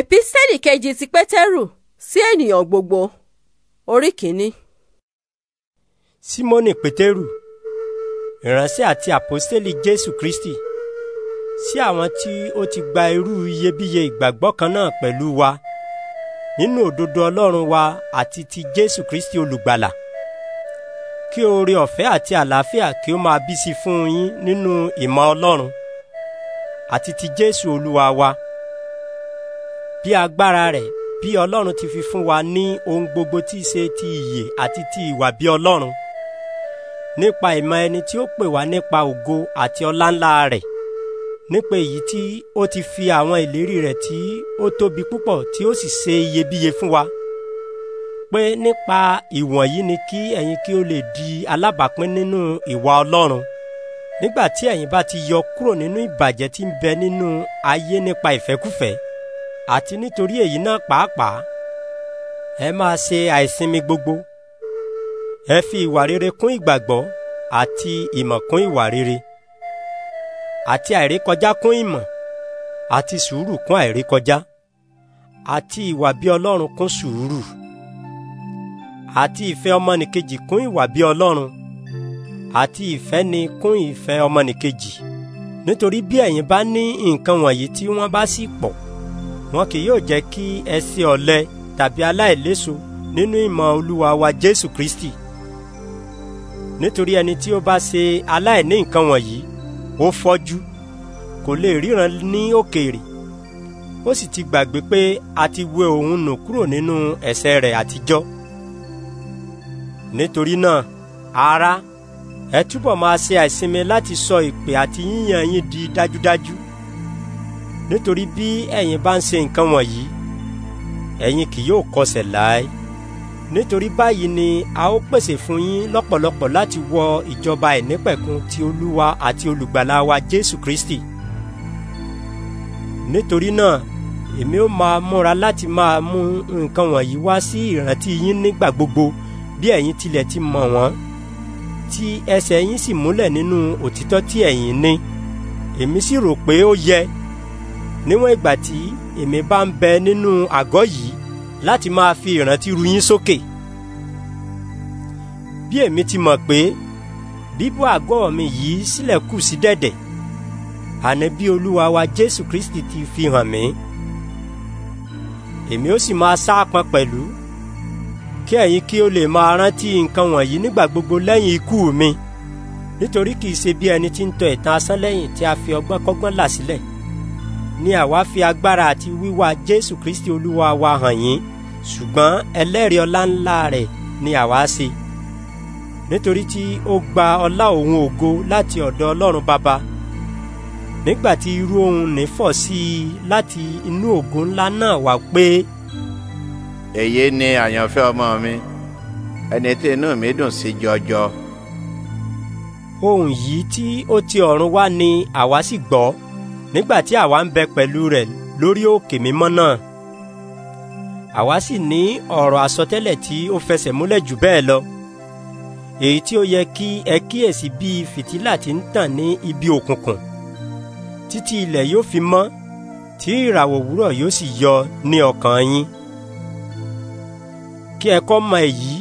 èpísẹ́lì kejì ti pétérù sí ènìyàn gbogbo orí kìíní. símónì pétérù ìránṣẹ́ àti àpọ́sítélì jésù kristi sí àwọn tí ó ti gba irú iyebíye ìgbàgbọ́ kan náà pẹ̀lú wa nínú òdodo ọlọ́run wa àti ti jésù kristi olùgbàlà kí oore ọ̀fẹ́ àti àlàáfíà kí ó máa bísí fún yín nínú ìmọ̀ ọlọ́run àti ti jésù olúwa wa. Wa bí agbára rẹ̀ bí ọlọ́run ti fi fún wa ní ohun gbogbo tí í ṣe ti ìyè àti ti ìwà bí ọlọ́run nípa ìmọ̀ ẹni tí ó pè wá nípa ògo àti ọláńlá rẹ̀ nípa èyí tí ó ti fi àwọn ìlérí rẹ̀ tí ó tóbi púpọ̀ tí ó sì ṣe iyebíye fún wa pé nípa ìwọ̀nyí ni kí ẹ̀yin kí ó lè di alábàápín nínú ìwà ọlọ́run nígbà tí ẹ̀yin bá ti yọ kúrò nínú ìbàjẹ́ tí ń bẹ nínú ayé nípa ìfẹ́kúfẹ̀ẹ́ àti nítorí èyí náà pàápàá ẹ máa ṣe àìsinmi gbogbo ẹ fi ìwà rere kún ìgbàgbọ́ àti ìmọ̀ kún ìwà rere àti àìrékọjá kún ìmọ̀ àti sùúrù kún àìrékọjá àti ìwà bí Ọlọ́run kún sùúrù àti ìfẹ́ ọmọnìkejì kún ìwà bí Ọlọ́run àti ìfẹ́ ni kún ìfẹ́ ọmọnìkejì nítorí bí ẹ̀yin bá ní nǹkan wọ̀nyí tí wọ́n bá sì pọ̀ wọn kì yóò jẹ́ kí ẹ sí ọ̀lẹ tàbí aláìléso nínú ìmọ̀ olúwa wa jésù kristi nítorí ẹni tí ó bá ṣe aláìní nǹkan wọ̀nyí ó fọ́jú kò lè ríran ní òkèèrè ó sì ti gbàgbé pé a ti wẹ òun nù kúrò nínú ẹ̀ṣẹ̀ rẹ̀ àtijọ́ nítorí náà ará ẹ túbọ̀ máa ṣe àìsinmi láti sọ ìpè àti yíyàn yín di dájúdájú. daju nítorí bí ẹ̀yin bá ń ṣe nǹkan wọ̀nyí ẹ̀yin kì yóò kọsẹ̀ láé nítorí báyìí ni a ó pèsè fún yín lọ́pọ̀lọpọ̀ láti wọ ìjọba ìnípẹ̀kun ti olúwa àti olùgbàlà wa jésù kristi nítorí náà èmi ó máa múra láti máa mú nǹkan wọ̀nyí wá sí ìrántí yín nígbà gbogbo bí ẹ̀yin tilẹ̀ ti mọ̀ wọ́n tí ẹsẹ̀ yín sì múlẹ̀ nínú òtítọ́ tí ẹ̀yin ní èmi sì rò pé ó yẹ níwọ̀n ìgbà tí èmi bá ń bẹ nínú àgọ́ yìí láti máa fi ìrántí ru yín sókè. bí èmi ti mọ̀ pé bíbọ́ àgọ́ mi yìí sílẹ̀ kù sí dẹ̀dẹ̀ àní bí olúwa wa jésù kristi ti fi hàn mí èmi ó sì máa sáàpọn pẹ̀lú kí ẹ̀yin kí o lè máa rántí nǹkan wọ̀nyí nígbà gbogbo lẹ́yìn ikú mi nítorí kìí ṣe bí ẹni tí ń tọ ìtàn asán lẹ́yìn tí a fi ọgbọ́n kọ́gbọ́n là sílẹ̀. Si ni àwa fi agbára àti wíwá Jésù Kristi Olúwa wa hàn yín ṣùgbọ́n ẹlẹ́rìí ọlá rẹ̀ ni àwa ṣe nítorí tí ó gba ọlá òun ògo láti ọ̀dọ̀ Ọlọ́run Baba nígbà tí irú ohun nífọ̀ sí i láti inú ògo ńlá náà wá pé. èyí ni àyànfẹ́ ọmọ mi ẹni tí inú mi dùn sí jọjọ. ohùn yìí tí ó ti ọ̀run wá ni àwa sì gbọ́ nígbà tí àwa ń bẹ pẹ̀lú rẹ̀ lórí òkè mímọ́ náà àwa sì ní ọ̀rọ̀ àsọtẹ́lẹ̀ tí ó fẹsẹ̀ múlẹ̀ jù bẹ́ẹ̀ lọ èyí tí ó yẹ kí ẹ kíyèsí bíi fìtílà tí ń tàn ní ibi òkùnkùn títí ilẹ̀ yóò fi mọ́ tí ìràwọ̀ òwúrọ̀ yóò sì yọ ní ọkàn yín kí ẹ kọ́ mọ èyí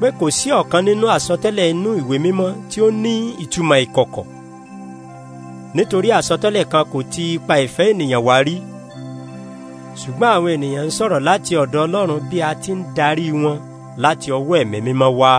pé kò sí ọ̀kan nínú àsọtẹ́lẹ̀ inú ìwé mímọ́ tí ó ní ìtumọ̀ ìkọ̀kọ̀ nítorí àsọtẹ́lẹ̀ kan kò ti ipa ìfẹ́ ènìyàn wá rí ṣùgbọ́n àwọn ènìyàn ń sọ̀rọ̀ láti ọ̀dọ̀ Ọlọ́run bí a ti ń darí wọn láti ọwọ́ ẹ̀mí mímọ́ wá.